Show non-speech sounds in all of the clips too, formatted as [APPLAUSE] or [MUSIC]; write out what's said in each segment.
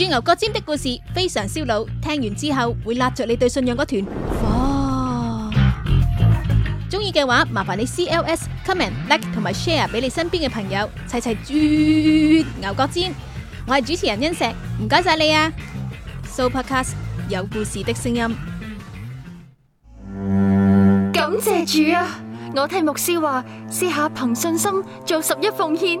鑽牛角尖的故事非常燒腦，聽完之後會拉著你對信仰嗰團火。中意嘅話，麻煩你 CLS、Comment、Like 同埋 share 俾你身邊嘅朋友，齊齊鑽牛角尖。我係主持人欣石，唔該晒你啊！Supercast 有故事的聲音，感謝主啊！我聽牧師話，試下憑信心做十一奉獻。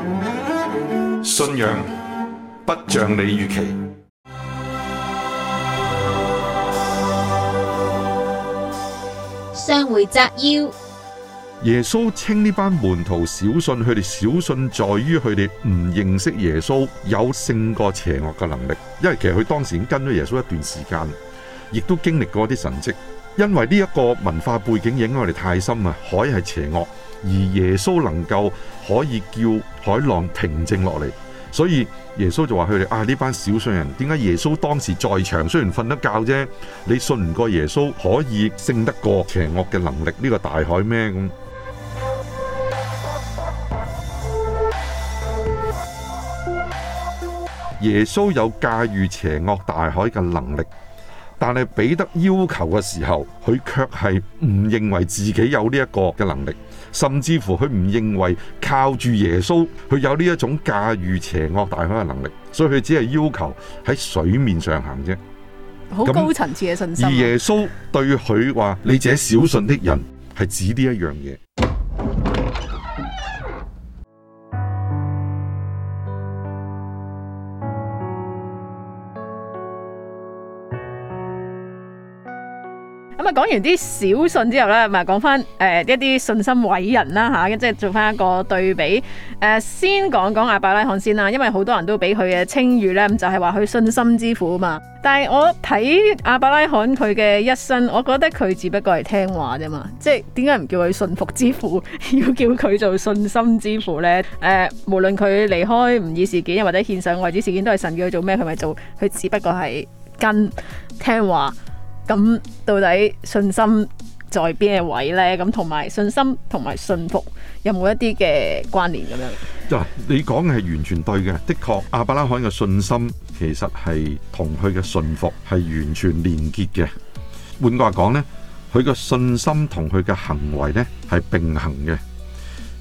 信仰不像你預期。上回摘要，耶穌稱呢班門徒小信，佢哋小信在於佢哋唔認識耶穌有勝過邪惡嘅能力，因為其實佢當時已經跟咗耶穌一段時間，亦都經歷過一啲神蹟，因為呢一個文化背景影響我哋太深啊，海係邪惡。而耶穌能夠可以叫海浪平靜落嚟，所以耶穌就話佢哋：啊，呢班小信人，點解耶穌當時在場，雖然瞓得覺啫，你信唔過耶穌可以勝得過邪惡嘅能力呢、呢個大海咩咁？耶穌有駕馭邪惡大海嘅能力，但係彼得要求嘅時候，佢卻係唔認為自己有呢一個嘅能力。甚至乎佢唔認為靠住耶穌佢有呢一種駕馭邪惡大海嘅能力，所以佢只係要求喺水面上行啫。好高層次嘅信心。而耶穌對佢話：你自己小信的人係指呢一樣嘢。咁啊，講完啲小信之後咧，咪講翻誒一啲信心偉人啦吓，即係做翻一個對比。誒，先講講阿伯拉罕先啦，因為好多人都俾佢嘅稱譽咧，就係話佢信心之父啊嘛。但係我睇阿伯拉罕佢嘅一生，我覺得佢只不過係聽話啫嘛。即係點解唔叫佢順服之父，要叫佢做信心之父咧？誒，無論佢離開唔義事件，又或者獻上外主事件，都係神叫佢做咩，佢咪做。佢只不過係跟聽話。咁到底信心在邊嘅位呢？咁同埋信心同埋信服有冇一啲嘅關聯咁樣？就、啊、你講嘅係完全對嘅，的確亞伯拉罕嘅信心其實係同佢嘅信服係完全連結嘅。換句話講呢，佢嘅信心同佢嘅行為呢係並行嘅，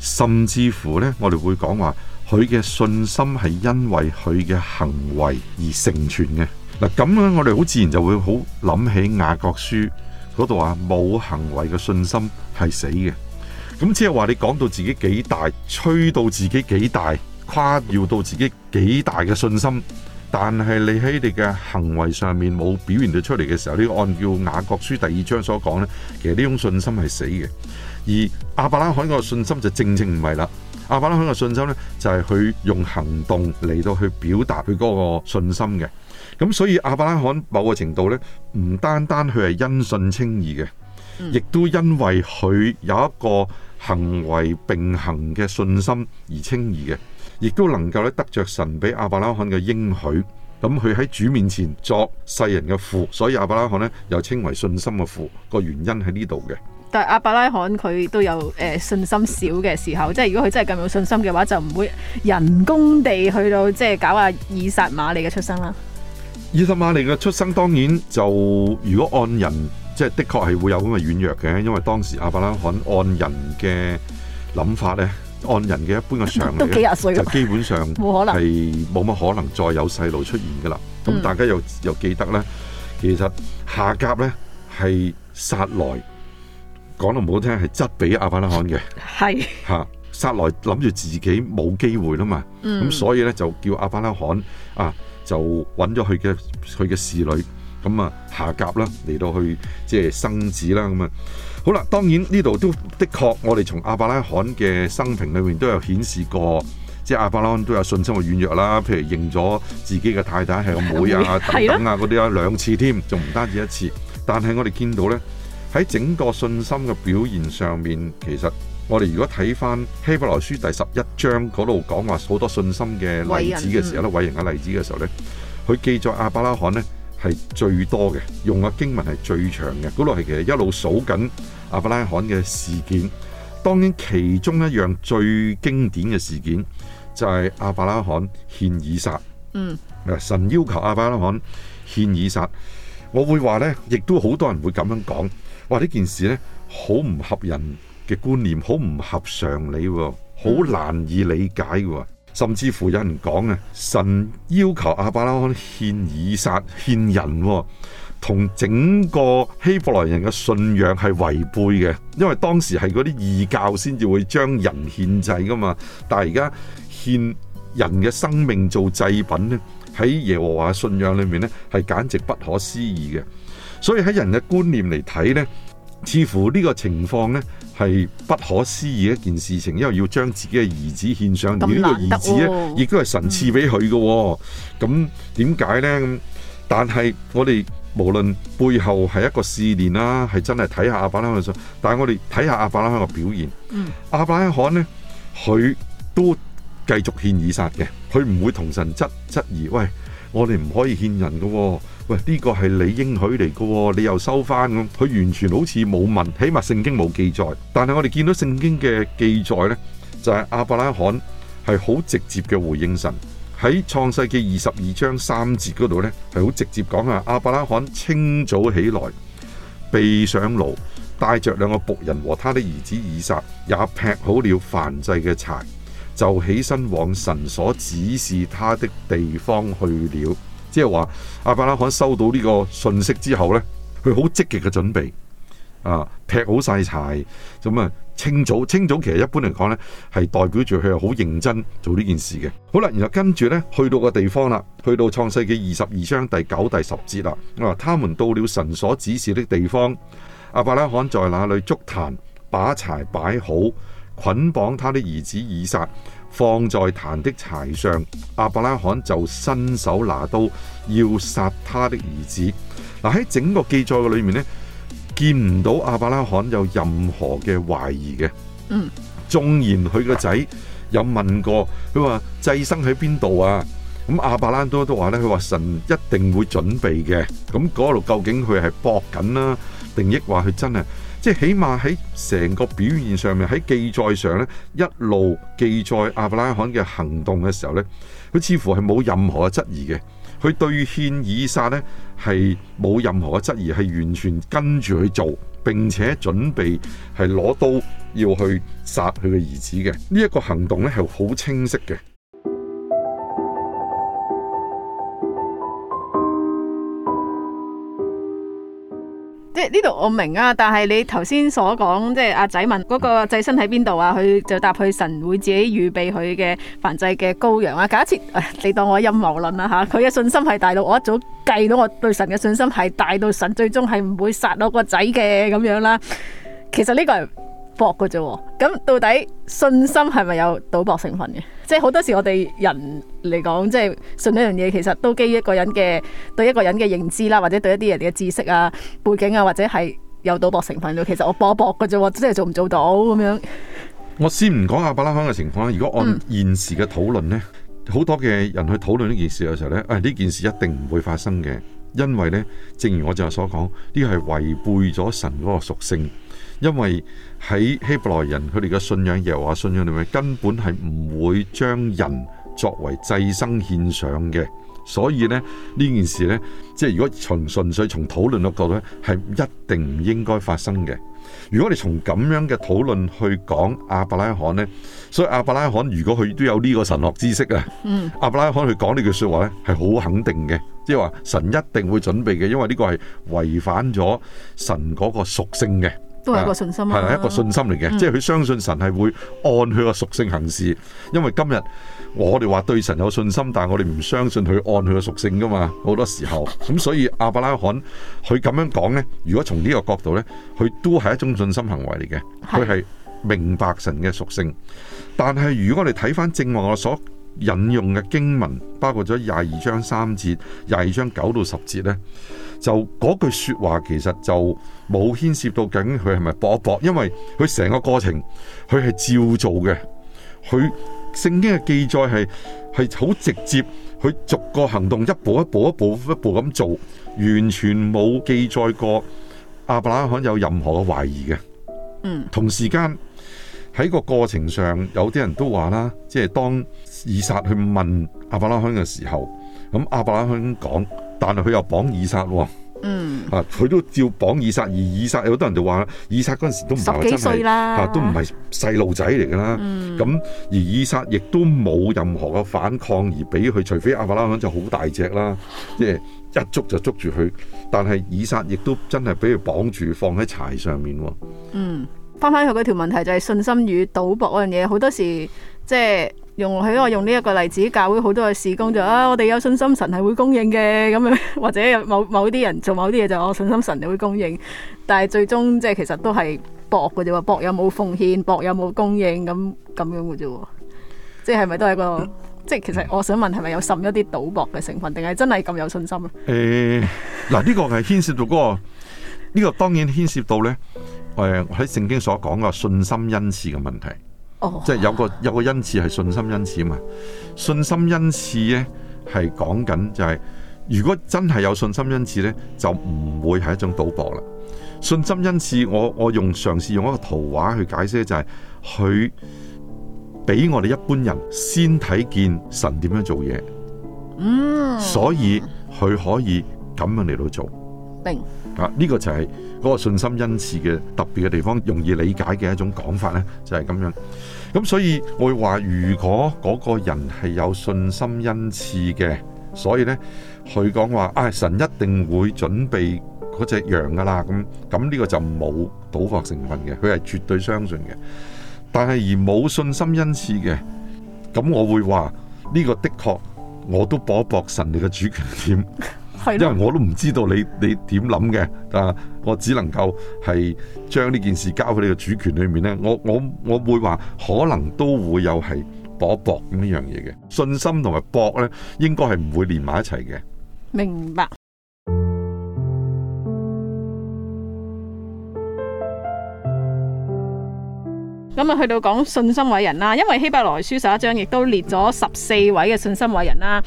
甚至乎呢我哋會講話佢嘅信心係因為佢嘅行為而成全嘅。嗱咁樣我哋好自然就會好諗起雅各書嗰度話冇行為嘅信心係死嘅。咁即係話你講到自己幾大，吹到自己幾大，誇耀到自己幾大嘅信心，但係你喺你嘅行為上面冇表現到出嚟嘅時候，呢、呢個按照雅各書第二章所講呢，其實呢種信心係死嘅。而亞伯拉罕嗰個信心就正正唔係啦，亞伯拉罕嘅信心呢，就係佢用行動嚟到去表達佢嗰個信心嘅。咁所以阿伯拉罕某個程度咧，唔單單佢係因信稱義嘅，亦、嗯、都因為佢有一個行為並行嘅信心而稱義嘅，亦都能夠咧得着神俾阿伯拉罕嘅應許。咁佢喺主面前作世人嘅父，所以阿伯拉罕咧又稱為信心嘅父。個原因喺呢度嘅。但阿伯拉罕佢都有誒信心少嘅時候，即係如果佢真係咁有信心嘅話，就唔會人工地去到即係搞阿以實瑪利嘅出生啦。伊斯瑪利嘅出生當然就如果按人即係，就是、的確係會有咁嘅軟弱嘅，因為當時阿伯拉罕按人嘅諗法咧，按人嘅一般嘅常理，都幾十歲，就基本上冇可能，係冇乜可能再有細路出現嘅啦。咁大家又又記得咧，其實夏甲咧係撒萊講到唔好聽係執俾阿伯拉罕嘅，係嚇撒萊諗住自己冇機會啦嘛，咁、嗯、所以咧就叫阿伯拉罕啊。就揾咗佢嘅佢嘅侍女咁啊，就下甲啦嚟到去即係生子啦咁啊。好啦，當然呢度都的確，我哋從阿伯拉罕嘅生平裏面都有顯示過，即係亞伯拉罕都有信心嘅軟弱啦。譬如認咗自己嘅太太係個妹,妹啊、等等啊嗰啲啊兩次添，仲唔單止一次。但係我哋見到咧喺整個信心嘅表現上面，其實。我哋如果睇翻希伯來書第十一章嗰度講話好多信心嘅例子嘅時候咧，偉人嘅、嗯、例子嘅時候咧，佢記載阿伯拉罕咧係最多嘅，用嘅經文係最長嘅，嗰度係其實一路數緊阿伯拉罕嘅事件。當然其中一樣最經典嘅事件就係阿伯拉罕獻以撒。嗯，啊神要求阿伯拉罕獻以撒，我會話咧，亦都好多人會咁樣講，哇呢件事咧好唔合人。嘅觀念好唔合常理，好難以理解喎。甚至乎有人講啊，神要求亞伯拉罕獻以撒、獻人，同整個希伯來人嘅信仰係違背嘅。因為當時係嗰啲異教先至會將人獻祭噶嘛。但係而家獻人嘅生命做祭品呢，喺耶和華信仰裏面呢，係簡直不可思議嘅。所以喺人嘅觀念嚟睇呢。似乎呢個情況呢，係不可思議嘅一件事情，因為要將自己嘅兒子獻上，而呢、這個兒子呢，亦、哦、都係神賜俾佢嘅。咁點解呢？但係我哋無論背後係一個試煉啦、啊，係真係睇下阿伯拉罕的。但係我哋睇下阿伯拉罕嘅表現、嗯，阿伯拉罕呢，佢都繼續獻以撒嘅，佢唔會同神質質疑。喂，我哋唔可以獻人嘅、哦。喂，呢個係你應許嚟嘅喎，你又收翻咁，佢完全好似冇問，起碼聖經冇記載。但係我哋見到聖經嘅記載呢，就係亞伯拉罕係好直接嘅回應神喺創世記二十二章三節嗰度呢，係好直接講啊！亞伯拉罕清早起來，備上驢，帶着兩個僕人和他的兒子以撒，也劈好了燔祭嘅柴，就起身往神所指示他的地方去了。即係話阿伯拉罕收到呢個信息之後呢，佢好積極嘅準備，啊劈好晒柴，咁啊清早清早，其實一般嚟講呢係代表住佢係好認真做呢件事嘅。好啦，然後跟住呢去到個地方啦，去到創世紀二十二章第九第十節啦。啊，他們到了神所指示的地方，阿伯拉罕在那裏築壇，把柴擺好，捆綁他的兒子以撒。放在壇的柴上，亞伯拉罕就伸手拿刀要殺他的兒子。嗱，喺整個記載嘅裏面呢，見唔到亞伯拉罕有任何嘅懷疑嘅。嗯，縱然佢個仔有問過，佢話祭牲喺邊度啊？咁阿伯拉多都話咧，佢話神一定會準備嘅。咁嗰度究竟佢係搏緊啦，定抑話佢真係啊？即係起碼喺成個表現上面，喺記載上咧，一路記載亞伯拉罕嘅行動嘅時候呢，佢似乎係冇任何嘅質疑嘅，佢對獻以撒呢，係冇任何嘅質疑，係完全跟住去做，並且準備係攞刀要去殺佢嘅兒子嘅，呢、這、一個行動呢，係好清晰嘅。即係呢度我明啊，但係你頭先所講，即係阿仔問嗰個祭牲喺邊度啊，佢就答佢神會自己預備佢嘅燔祭嘅羔羊啊。假設，你當我陰謀論啦吓，佢嘅信心係大到我一早計到我對神嘅信心係大到神最終係唔會殺到個仔嘅咁樣啦。其實呢個。搏嘅啫，咁到底信心係咪有賭博成分嘅？即係好多時我哋人嚟講，即係信呢樣嘢，其實都基於一個人嘅對一個人嘅認知啦，或者對一啲人嘅知識啊、背景啊，或者係有賭博成分。其實我搏一搏嘅啫，即係做唔做到咁樣。我先唔講阿巴拉香嘅情況，如果按現時嘅討論呢，好、嗯、多嘅人去討論呢件事嘅時候咧，誒、哎、呢件事一定唔會發生嘅，因為呢，正如我正話所講，呢個係違背咗神嗰個屬性。因為喺希伯來人佢哋嘅信仰，又話信仰裏面，根本係唔會將人作為祭牲獻上嘅，所以咧呢這件事呢，即係如果從純粹從討論角度呢，係一定唔應該發生嘅。如果你從咁樣嘅討論去講亞伯拉罕呢，所以亞伯拉罕如果佢都有呢個神學知識啊、嗯，亞伯拉罕去講呢句説話呢，係好肯定嘅，即係話神一定會準備嘅，因為呢個係違反咗神嗰個屬性嘅。都係一個信心、啊，係一個信心嚟嘅、嗯，即係佢相信神係會按佢個屬性行事。因為今日我哋話對神有信心，但係我哋唔相信佢按佢個屬性噶嘛，好多時候咁，所以亞伯拉罕佢咁樣講呢：「如果從呢個角度呢，佢都係一種信心行為嚟嘅，佢係明白神嘅屬性。」但係如果我哋睇翻正話我所引用嘅經文，包括咗廿二章三節、廿二章九到十節呢。就嗰句説話其實就冇牽涉到究竟佢係咪搏一搏，因為佢成個過程佢係照做嘅。佢聖經嘅記載係係好直接，佢逐個行動一步一步一步一步咁做，完全冇記載過阿伯拉罕有任何嘅懷疑嘅、嗯。同時間喺個過程上，有啲人都話啦，即係當以撒去問阿伯拉罕嘅時候，咁阿伯拉罕講。但係佢又綁以撒喎，啊、嗯、佢都照綁以撒，而以撒有好多人就話以撒嗰陣時都唔係真係，嚇、啊、都唔係細路仔嚟㗎啦。咁、嗯、而以撒亦都冇任何嘅反抗而俾佢，除非亞伯拉罕就好大隻啦，即、就、係、是、一捉就捉住佢。但係以撒亦都真係，俾佢綁住放喺柴上面，哦。嗯，翻返去嗰條問題就係信心與賭博嗰樣嘢，好多時即係。用喺我用呢一個例子教會好多嘅事工就，啊，我哋有信心神係會供應嘅，咁樣，或者某某啲人做某啲嘢就我信心神就會供應，但係最終即係其實都係博嘅啫，博有冇奉獻，博有冇供應咁咁樣嘅啫，即係咪都係一個、嗯、即係其實我想問係咪有滲一啲賭博嘅成分，定係真係咁有信心啊？誒、欸、嗱、這、呢個係牽涉到嗰個呢個當然牽涉到咧，誒喺聖經所講嘅信心恩賜嘅問題。即係有個有個恩賜係信心恩賜嘛，信心恩賜呢係講緊就係、是、如果真係有信心恩賜呢，就唔會係一種賭博啦。信心恩賜我我用嘗試用一個圖畫去解釋就係佢俾我哋一般人先睇見神點樣做嘢，嗯，所以佢可以咁樣嚟到做，明啊呢、這個就係、是。嗰、那個信心恩賜嘅特別嘅地方，容易理解嘅一種講法呢，就係咁樣。咁所以我會話，如果嗰個人係有信心恩賜嘅，所以呢，佢講話啊，神一定會準備嗰隻羊噶啦。咁咁呢個就冇賭博成分嘅，佢係絕對相信嘅。但係而冇信心恩賜嘅，咁我會話呢、這個的確我都搏一搏神你嘅主權點，因為我都唔知道你你點諗嘅啊。我只能夠係將呢件事交喺你嘅主權裏面呢，我我我會話可能都會有係搏一搏咁呢樣嘢嘅信心同埋搏呢，應該係唔會連埋一齊嘅。明白。咁啊，去到講信心偉人啦，因為希伯來書十一章亦都列咗十四位嘅信心偉人啦。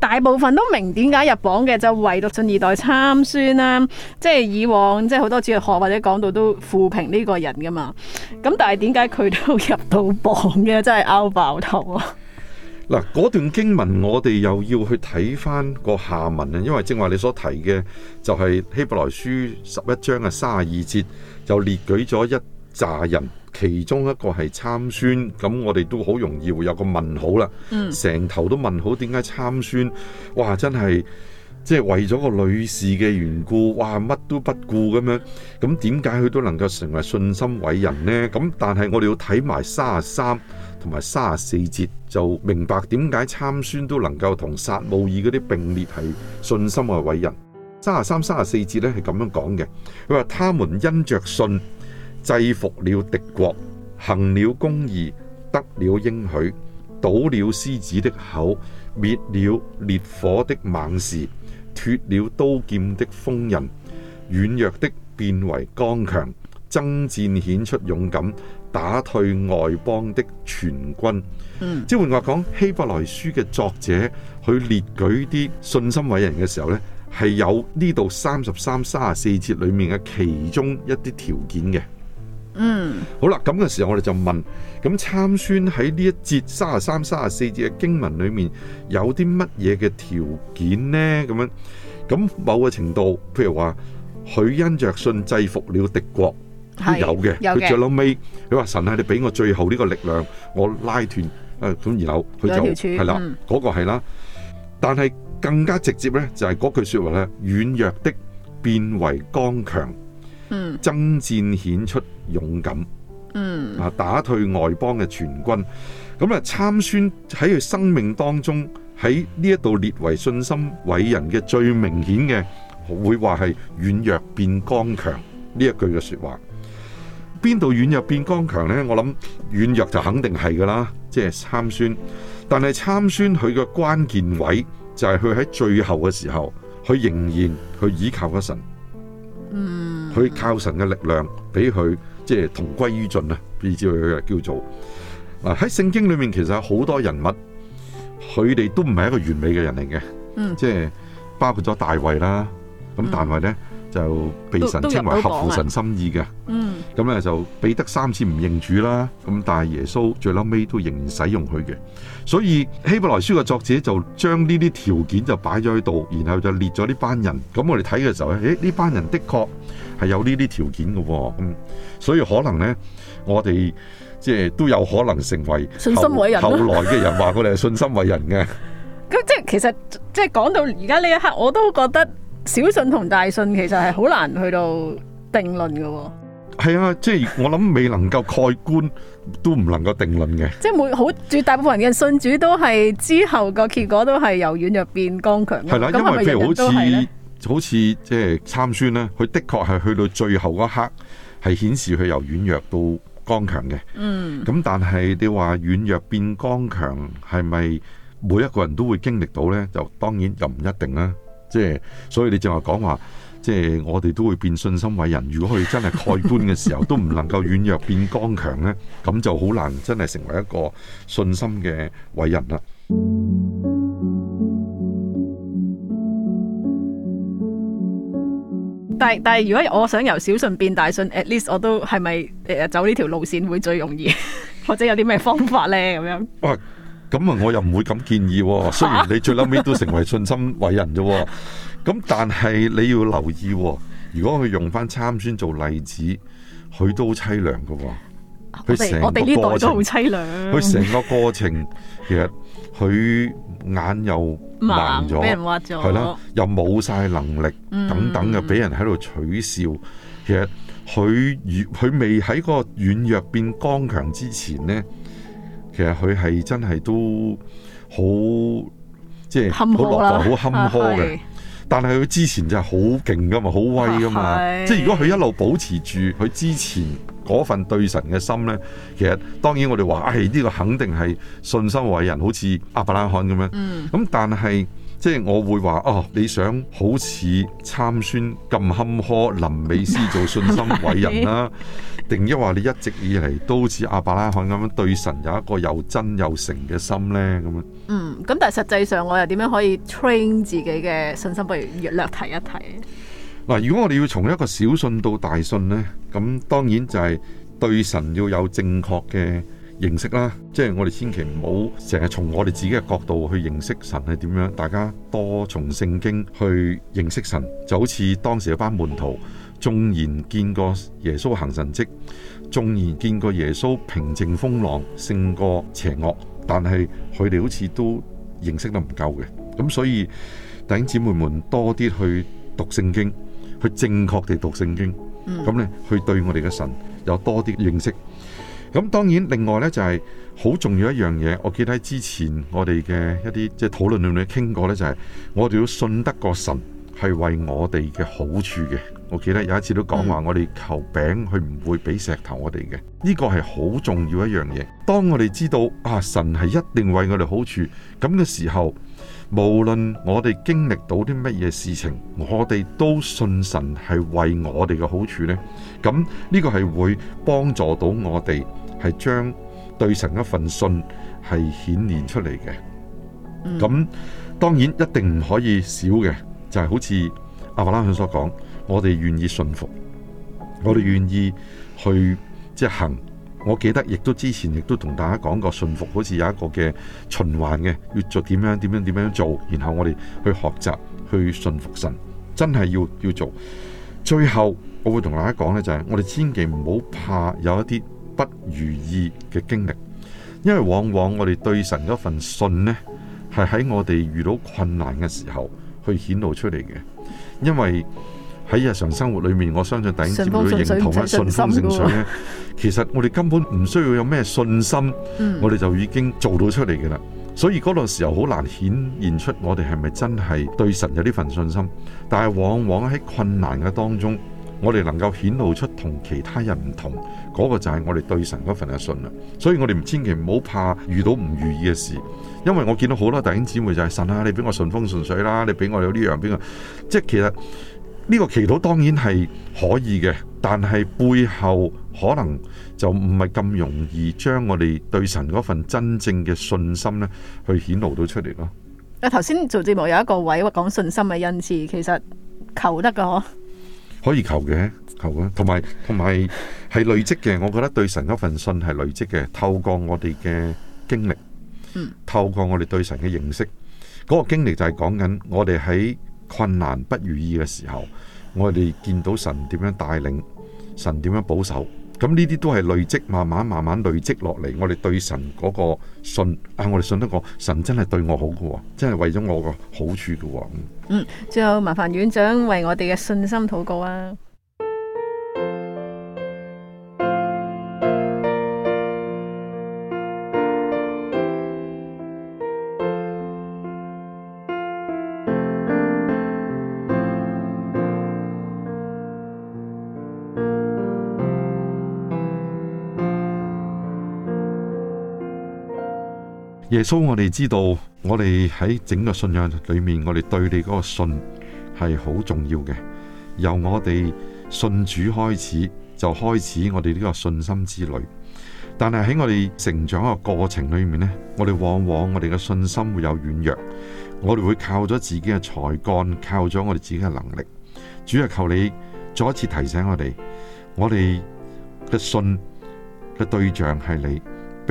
大部分都明點解入榜嘅，就唯獨信二代參孫啦。即係以往，即係好多哲學學或者講道都負評呢個人噶嘛。咁但係點解佢都入到榜嘅，真係拗爆頭啊！嗱，嗰段經文我哋又要去睇翻個下文啊，因為正話你所提嘅就係希伯來書十一章嘅三十二節，就列舉咗一紮人。其中一個係參孫，咁我哋都好容易會有個問號啦。嗯，成頭都問號，點解參孫？哇，真係即係為咗個女士嘅緣故，哇，乜都不顧咁樣。咁點解佢都能夠成為信心偉人呢？咁但係我哋要睇埋三十三同埋三十四節，就明白點解參孫都能夠同撒母耳嗰啲並列係信心嘅偉人。三十三、三十四節咧係咁樣講嘅。佢話：他們因着信。制服了敵國，行了公義，得了應許，堵了獅子的口，滅了烈火的猛士，脫了刀劍的鋒刃，軟弱的變為剛強，爭戰顯出勇敢，打退外邦的全軍。即、嗯、係換話講，希伯來書嘅作者去列舉啲信心偉人嘅時候呢，係有呢度三十三、三十四節裡面嘅其中一啲條件嘅。嗯，好啦，咁嘅時候我哋就問，咁參孫喺呢一節三十三、三十四節嘅經文裡面，有啲乜嘢嘅條件呢？咁樣，咁某個程度，譬如話，許恩著信制服了敵國，都有嘅。佢著老尾，佢話神啊，你俾我最後呢個力量，我拉斷，誒、呃、咁然後，佢就係啦，嗰、嗯那個係啦。但係更加直接咧，就係、是、嗰句說話咧，軟弱的變為剛強。嗯，爭戰顯出勇敢，嗯，啊打退外邦嘅全軍，咁啊參孫喺佢生命當中，喺呢一度列為信心偉人嘅最明顯嘅，會話係軟弱變剛強呢一句嘅說話。邊度軟弱變剛強呢？我諗軟弱就肯定係噶啦，即係參孫，但係參孫佢嘅關鍵位就係佢喺最後嘅時候，佢仍然去倚靠個神。嗯。佢靠神嘅力量，俾佢即係同歸於盡啊！呢招叫做嗱，喺聖經裏面其實有好多人物，佢哋都唔係一個完美嘅人嚟嘅，即係包括咗大衛啦。咁大衛咧。就被神稱為合乎神心意嘅，咁咧、嗯、就彼得三次唔認主啦，咁但係耶穌最撈尾都仍然使用佢嘅，所以希伯來書嘅作者就將呢啲條件就擺咗喺度，然後就列咗呢班人，咁我哋睇嘅時候咧，誒呢班人的確係有呢啲條件嘅，咁所以可能咧我哋即係都有可能成為，信心為人偉人。後來嘅人話佢哋係信心偉人嘅，咁 [LAUGHS] 即係其實即係講到而家呢一刻，我都覺得。小信同大信其實係好難去到定論嘅，係啊，即、就、係、是、我諗未能夠蓋棺 [LAUGHS] 都唔能夠定論嘅。即係每好絕大部分人嘅信主都係之後個結果都係由軟弱變剛強。係啦、啊，是是因為譬如好似好似即係參孫啦，佢的確係去到最後嗰一刻係顯示佢由軟弱到剛強嘅。嗯，咁但係你話軟弱變剛強係咪每一個人都會經歷到咧？就當然又唔一定啦。即係，所以你正話講話，即係我哋都會變信心偉人。如果佢真係蓋棺嘅時候， [LAUGHS] 都唔能夠軟弱變剛強呢，咁就好難真係成為一個信心嘅偉人啦。但係但係，如果我想由小信變大信，at least 我都係咪誒走呢條路線會最容易，或者有啲咩方法呢？咁樣？ [LAUGHS] 咁啊，我又唔會咁建議、哦。雖然你最屘尾都成為信心偉人啫，咁、啊、 [LAUGHS] 但係你要留意、哦。如果佢用翻參孫做例子，佢都好凄涼噶。佢成我哋呢代都好凄涼。佢成個過程，其實佢眼又盲咗，俾人挖咗，係啦，又冇晒能力，等等嘅，俾、嗯、人喺度取笑。嗯、其實佢佢未喺個軟弱變剛強之前咧。其實佢係真係都好，即係好落台，好坎坷嘅。但係佢之前就係好勁噶嘛，好威噶嘛。即係如果佢一路保持住佢之前嗰份對神嘅心咧，其實當然我哋話，唉、哎、呢、這個肯定係信心偉人，好似亞伯拉罕咁樣。咁但係。即係我會話哦，你想好似參孫咁坎坷，林美斯做信心偉人啦，定抑或你一直以嚟，都似阿伯拉罕咁樣對神有一個又真又誠嘅心呢？咁樣嗯，咁但係實際上我又點樣可以 train 自己嘅信心？不如略提一提。嗱，如果我哋要從一個小信到大信呢，咁當然就係對神要有正確嘅認識啦，即係我哋千祈唔好成日從我哋自己嘅角度去認識神係點樣，大家多從聖經去認識神。就好似當時一班門徒，縱然見過耶穌行神跡，縱然見過耶穌平靜風浪、勝過邪惡，但係佢哋好似都認識得唔夠嘅。咁所以弟兄姊妹們多啲去讀聖經，去正確地讀聖經，咁呢，去對我哋嘅神有多啲認識。咁當然，另外呢就係好重要一樣嘢，我記得喺之前我哋嘅一啲即、就是、討論裏面傾過呢、就是，就係我哋要信得個神係為我哋嘅好處嘅。我記得有一次都講話，我哋求餅佢唔會俾石頭我哋嘅，呢個係好重要一樣嘢。當我哋知道啊神係一定為我哋好處咁嘅時候。無論我哋經歷到啲乜嘢事情，我哋都信神係為我哋嘅好處呢。咁呢個係會幫助到我哋係將對神一份信係顯現出嚟嘅。咁、嗯、當然一定唔可以少嘅，就係、是、好似阿華拉遜所講，我哋願意信服，我哋願意去即行。我記得亦都之前亦都同大家講過，信服好似有一個嘅循環嘅，要做點樣點樣點樣做，然後我哋去學習去信服神，真係要要做。最後我會同大家講呢，就係我哋千祈唔好怕有一啲不如意嘅經歷，因為往往我哋對神嗰份信呢，係喺我哋遇到困難嘅時候去顯露出嚟嘅，因為。喺日常生活裏面，我相信弟兄姊妹嘅認同咧，順風順水咧，其實我哋根本唔需要有咩信心，嗯、我哋就已經做到出嚟嘅啦。所以嗰段時候好難顯現出我哋係咪真係對神有呢份信心。但係往往喺困難嘅當中，我哋能夠顯露出同其他人唔同，嗰、那個就係我哋對神嗰份嘅信啦。所以我哋千祈唔好怕遇到唔如意嘅事，因為我見到好多弟兄姊妹就係、是、神啊，你俾我順風順水啦，你俾我有呢樣邊個，即係其實。呢個祈禱當然係可以嘅，但係背後可能就唔係咁容易將我哋對神嗰份真正嘅信心咧，去顯露到出嚟咯。啊，頭先做節目有一個位講信心嘅恩賜，其實求得㗎可可以求嘅，求嘅，同埋同埋係累積嘅。我覺得對神嗰份信係累積嘅，透過我哋嘅經歷，嗯，透過我哋對神嘅認識，嗰個經歷就係講緊我哋喺。困難不如意嘅時候，我哋見到神點樣帶領，神點樣保守，咁呢啲都係累積，慢慢慢慢累積落嚟，我哋對神嗰個信啊，我哋信得過，神真係對我好噶，真係為咗我個好處噶。嗯，嗯，最後麻煩院長為我哋嘅信心禱告啊！耶穌，我哋知道，我哋喺整個信仰裏面，我哋對你嗰個信係好重要嘅。由我哋信主開始，就開始我哋呢個信心之旅。但係喺我哋成長嘅過程裏面咧，我哋往往我哋嘅信心會有軟弱，我哋會靠咗自己嘅才幹，靠咗我哋自己嘅能力。主啊，求你再一次提醒我哋，我哋嘅信嘅對象係你。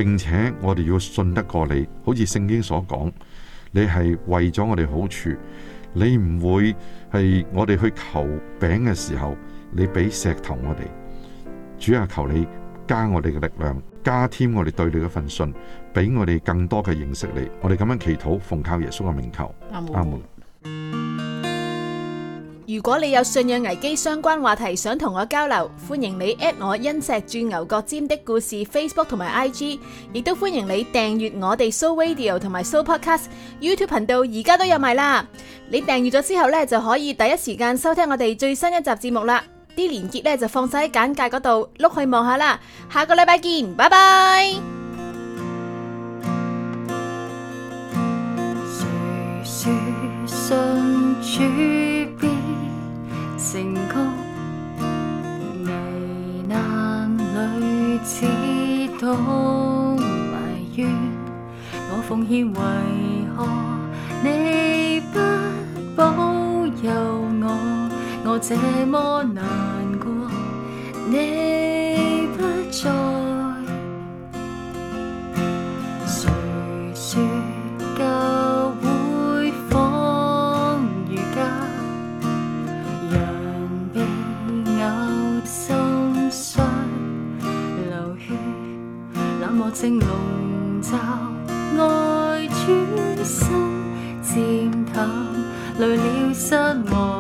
並且我哋要信得過你，好似聖經所講，你係為咗我哋好處，你唔會係我哋去求餅嘅時候，你俾石頭我哋。主啊，求你加我哋嘅力量，加添我哋對你嘅份信，俾我哋更多嘅認識你。我哋咁樣祈禱，奉靠耶穌嘅名求，阿門。阿門。如果你有信仰危機相關話題想同我交流，歡迎你 at 我《因石鑽牛角尖的故事》Facebook 同埋 IG，亦都歡迎你訂閱我哋 Show Radio 同埋 Show Podcast YouTube 頻道，而家都有埋啦。你訂閱咗之後呢，就可以第一時間收聽我哋最新一集節目啦。啲連結呢，就放晒喺簡介嗰度，碌去望下啦。下個禮拜見，拜拜。埋怨我奉獻，為何你不保佑我？我這麼難。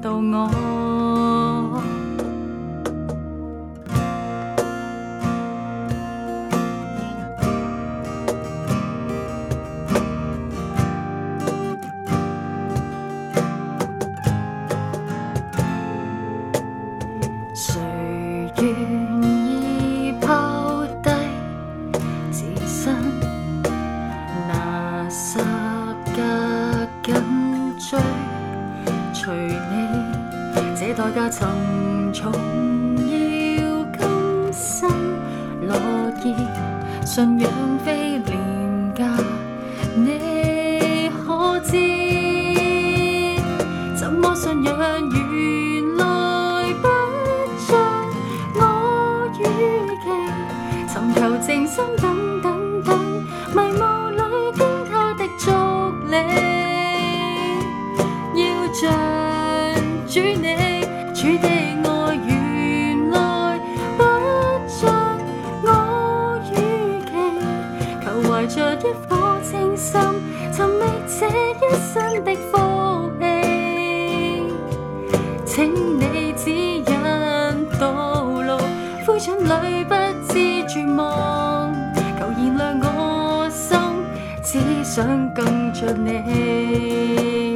到我。真的福氣，請你指引道路，灰燼裏不知絕望，求燃亮我心，只想跟住你。